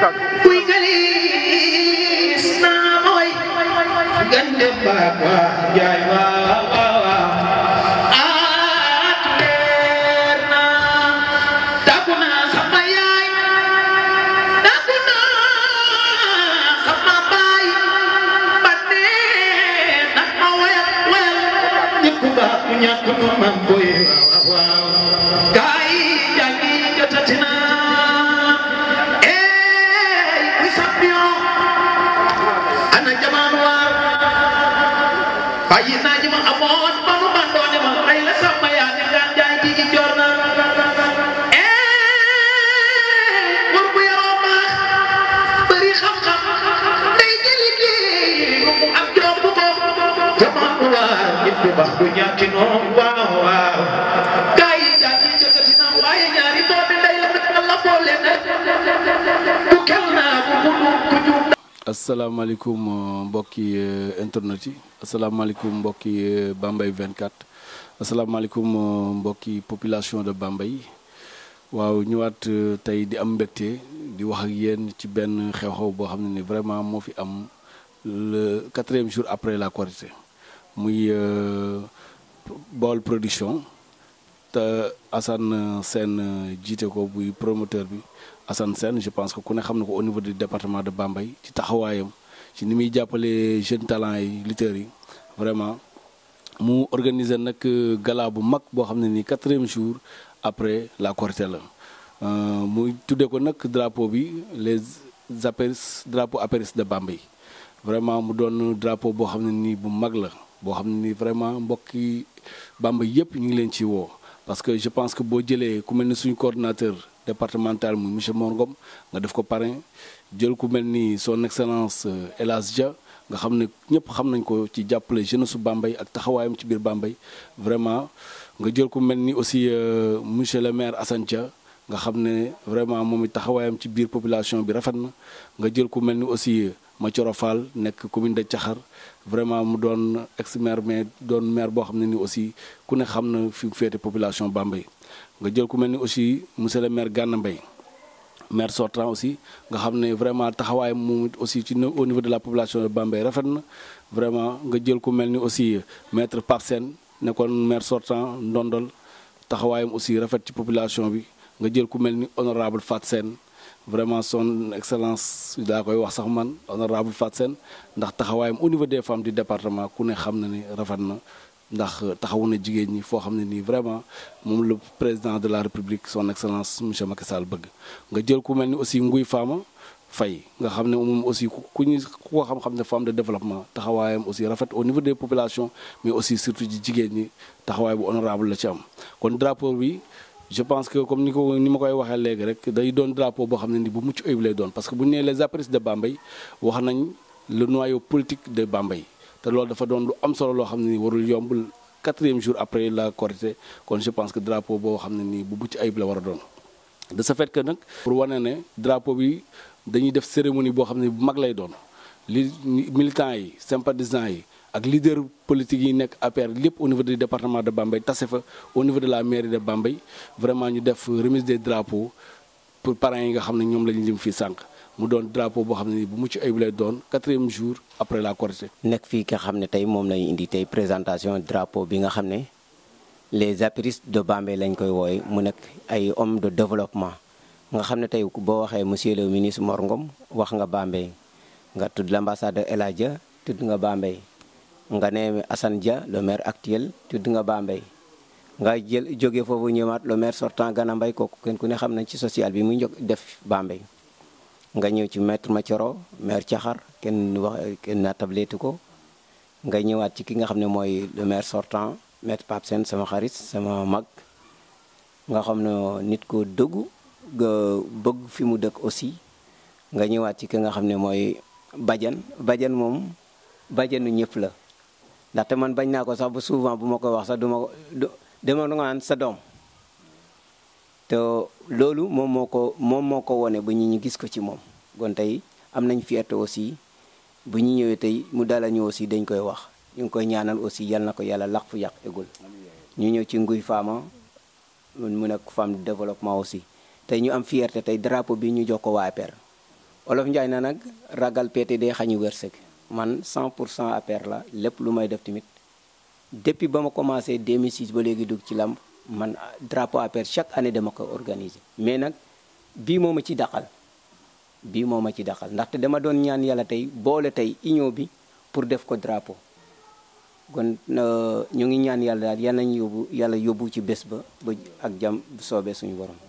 tàkk kuy galis na mooy gande baba jaay waaw ñàkk ma man boye waaw waaw bàyyi naa ñi ma amoon ba mu bandoone ma ay la sama yaa ne daan jaay ji ji joor na bur bu yaroo baax bëri xam-xam day jëli kii mu am joom bu ko jamaan waa nit bu baax du ñaati noom waaw waaw gaay yi daal di jëkkati na waaye ñaari doomi ndey la nag la boole nag bu kel naa bu bu ku juum asalaamaaleykum euh, mbokki euh, internet yi asalaamaaleykum mbokki euh, Bambey 24 asalaamaaleykum mbokki population de bambay waaw ñëwaat tey di am mbégte di wax ak yéen ci benn xew-xew boo xam ne ni vraiment moo fi am le quatrième jour après la Korité muy Baol Production assan Assane euh, Sène euh, jiite ko buy promoteur bi assan Sène je pense que ku ne xam na ko au niveau du département de Bambey ci taxawaayam ci ni muy jàppale jeunes talents yi lutteurs yi vraiment mu organiser nag euh, gala bu mag boo xam ne nii quatrième jour après la Korité la muy tuddee ko nag drapeau bi les apéris drapeau apéris de yi vraiment mu doon drapeau boo xam ne nii bu mag la boo xam ne ni vraiment mbokki Bambey yëpp ñu ngi leen ci woo parce que je pense que boo jëlee ku mel ni suñu coordonnateur départemental muy monsieur Mor nga def ko parrain jël ku mel ni son excellence euh, El Hadj Dia nga xam ne ñëpp xam nañ ko ci jàppale jeunesse su Bambey ak taxawaayam ci biir Bambey vraiment nga jël ku mel ni aussi euh, monsieur le maire Assane Dia nga xam ne vraiment moom it taxawaayam ci biir population bi rafet na nga jël ku mel ni aussi. Mathioro Fall nekk commune de Thiakhar vraiment mu doon ex maire mais doon maire boo xam ne ni aussi ku ne xam na fi mu féete population Bambey nga jël ku mel ni aussi monsieur le maire Gana Mbaye maire sortant aussi nga xam ne vraiment taxawaay moom aussi ci au niveau de la population de Bambey rafet na vraiment nga jël ku mel ni aussi maître Pape Sène nekkoon maire sortant ndondol taxawaayam aussi rafet ci population bi nga jël ku mel ni honorable Fat Sène vraiment son excellence daa koy wax sax man honorable Fatou Sène ndax taxawaayam au niveau des femmes di département ku ne xam na ni rafet na ndax taxawu na jigéen ñi foo xam ne nii vraiment moom la président de la république son excellence monsieur Macky Sall bëgg nga jël ku mel ni aussi nguy faama fay nga xam ne moom aussi ku ñu ku ko xam-xam ne femme de développement taxawaayam aussi rafet au niveau des populations mais aussi surtout ji jigéen ñi taxawaay bu honorable la ci am je pense que comme ni ko ni ma koy waxee léegi rek day doon drapeau boo xam ne ni bu mucc ayib lay doon parce que bu ñu nee les apéristes de Bambey wax nañ le noyau politique de Bambey te loolu dafa doon lu am solo loo xam ne ni warul yombul quatrième jour après la Korité kon je pense que drapeau boo xam ne nii bu mucc ayib la war a doon. de ce fait que nag pour wane ne drapeau bi dañuy def cérémonie boo xam ne bu mag lay doon li militants yi sympathisants yi. ak leader politique yi nekk APR lépp au niveau du département de Bambey tase fa au de la mairie de Bambey vraiment ñu def remise des drapeaux pour parents yi nga xam ne ñoom la ñu lim fii sànq mu doon drapeau boo xam ne nii bu mucc ayib lay doon quatrième jour après la Korité. nekk fii nga xam ne tey moom lañu indi tey présentation drapeau bi nga xam ne les apéristes de Bambey lañ koy wooye mu nekk ay hommes de développement nga xam ne tey boo waxee monsieur le ministre Mor Ngom wax nga Bambey nga tudd l'ambassade de El Hadj tudd nga Bambey nga ne Assane Dia le maire actuel tudd nga Bambey nga jël jóge foofu ñëwaat le maire sortant Gana Mbaye kooku kenn ku ne xam nañ ci social bi muy def Bambey nga ñëw ci maître Mathioro maire Caxar kenn wax kenn natableetu ko nga ñëwaat ci ki nga xam ne mooy le maire sortant maître Pape Sène sama xarit sama mag nga xam ne nit ko dëggu bëgg fi mu dëkk aussi nga ñëwaat ci ki nga xam ne mooy Badiane Badiane moom Badiane ñëpp la ndaxte man bañ naa ko sax ba souvent bu ma koy wax sax du ma ko dama naan sa doom te loolu moom moo ko moom moo ko wone ba ñu ñu gis ko ci moom kon tey am nañ fierté aussi bu ñu ñëwee tey mu dala ñu aussi dañ koy wax ñu ngi koy ñaanal aussi yal na ko yàlla lax fu yàq égul ñu ñëw ci nguy faama mu nekk femme développement aussi tey ñu am fierté tey drapeau bi ñu jox ko waa APR olof Njaay na nag ragal pété day xañu wërsëg man cent pour cent APR la lépp lu may def tamit depuis ba ma commencé 2006 ba léegi dugg ci làmb man drapeau APR chaque année dama ko organiser mais nag bii moom ma ci daqal bii moo ma ci daqal ndaxte dama doon ñaan yàlla tey boole tey union bi pour def ko drapeau kon euh, ñoo ngi ñaan yàlla daal yal nañu yóbbu yàlla yóbbu ci bés ba ba ak jam bu soobee suñu borom.